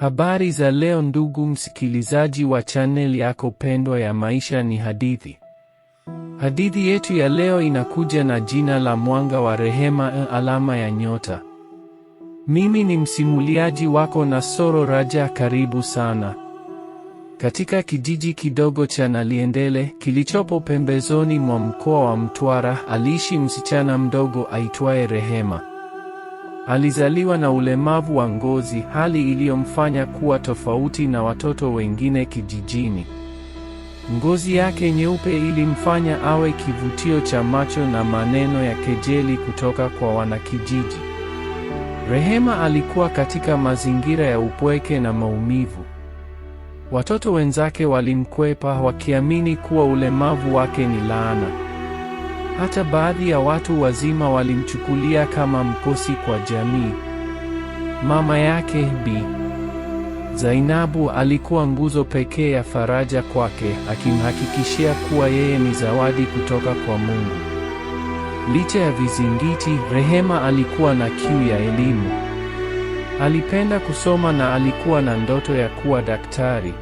Habari za leo ndugu msikilizaji wa channel yako pendwa ya Maisha ni Hadithi. Hadithi yetu ya leo inakuja na jina la Mwanga wa Rehema, alama ya nyota. Mimi ni msimuliaji wako Nasoro Raja, karibu sana. Katika kijiji kidogo cha Naliendele kilichopo pembezoni mwa mkoa wa Mtwara, aliishi msichana mdogo aitwaye Rehema. Alizaliwa na ulemavu wa ngozi, hali iliyomfanya kuwa tofauti na watoto wengine kijijini. Ngozi yake nyeupe ilimfanya awe kivutio cha macho na maneno ya kejeli kutoka kwa wanakijiji. Rehema alikuwa katika mazingira ya upweke na maumivu. Watoto wenzake walimkwepa wakiamini kuwa ulemavu wake ni laana. Hata baadhi ya watu wazima walimchukulia kama mkosi kwa jamii. Mama yake Bi Zainabu alikuwa nguzo pekee ya faraja kwake, akimhakikishia kuwa yeye ni zawadi kutoka kwa Mungu. Licha ya vizingiti, Rehema alikuwa na kiu ya elimu. Alipenda kusoma na alikuwa na ndoto ya kuwa daktari.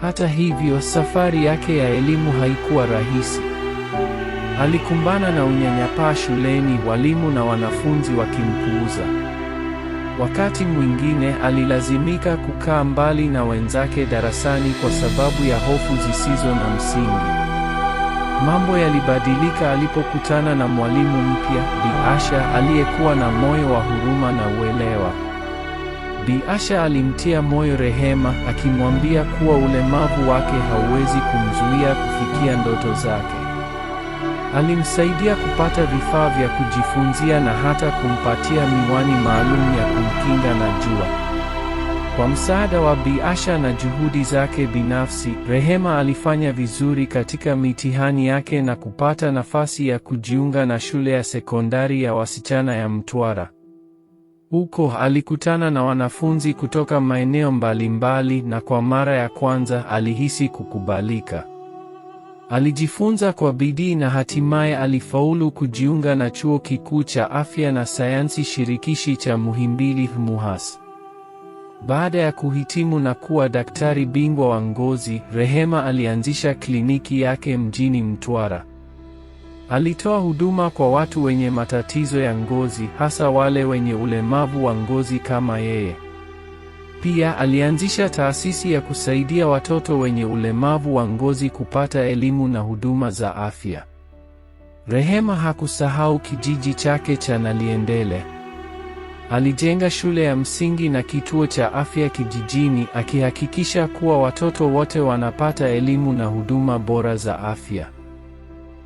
Hata hivyo, safari yake ya elimu haikuwa rahisi. Alikumbana na unyanyapaa shuleni, walimu na wanafunzi wakimpuuza. Wakati mwingine alilazimika kukaa mbali na wenzake darasani kwa sababu ya hofu zisizo na msingi. Mambo yalibadilika alipokutana na mwalimu mpya, Bi Asha aliyekuwa na moyo wa huruma na uelewa. Bi Asha alimtia moyo Rehema akimwambia kuwa ulemavu wake hauwezi kumzuia kufikia ndoto zake. Alimsaidia kupata vifaa vya kujifunzia na hata kumpatia miwani maalum ya kumkinga na jua. Kwa msaada wa Bi Asha na juhudi zake binafsi, Rehema alifanya vizuri katika mitihani yake na kupata nafasi ya kujiunga na shule ya sekondari ya wasichana ya Mtwara. Huko alikutana na wanafunzi kutoka maeneo mbalimbali na kwa mara ya kwanza alihisi kukubalika. Alijifunza kwa bidii na hatimaye alifaulu kujiunga na Chuo Kikuu cha Afya na Sayansi Shirikishi cha Muhimbili MUHAS. Baada ya kuhitimu na kuwa daktari bingwa wa ngozi, Rehema alianzisha kliniki yake mjini Mtwara. Alitoa huduma kwa watu wenye matatizo ya ngozi, hasa wale wenye ulemavu wa ngozi kama yeye. Pia alianzisha taasisi ya kusaidia watoto wenye ulemavu wa ngozi kupata elimu na huduma za afya. Rehema hakusahau kijiji chake cha Naliendele. Alijenga shule ya msingi na kituo cha afya kijijini akihakikisha kuwa watoto wote wanapata elimu na huduma bora za afya.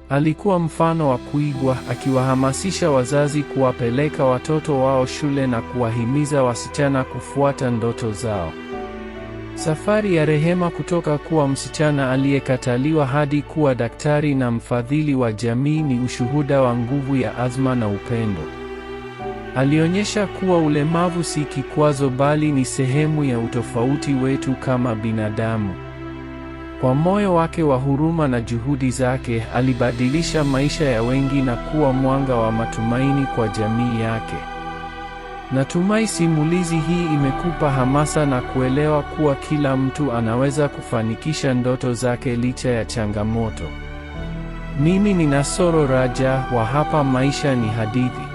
Alikuwa mfano wa kuigwa akiwahamasisha wazazi kuwapeleka watoto wao shule na kuwahimiza wasichana kufuata ndoto zao. Safari ya Rehema kutoka kuwa msichana aliyekataliwa hadi kuwa daktari na mfadhili wa jamii ni ushuhuda wa nguvu ya azma na upendo. Alionyesha kuwa ulemavu si kikwazo bali ni sehemu ya utofauti wetu kama binadamu. Kwa moyo wake wa huruma na juhudi zake, alibadilisha maisha ya wengi na kuwa mwanga wa matumaini kwa jamii yake. Natumai simulizi hii imekupa hamasa na kuelewa kuwa kila mtu anaweza kufanikisha ndoto zake licha ya changamoto. Mimi ni Nasoro Raja wa hapa Maisha ni Hadithi.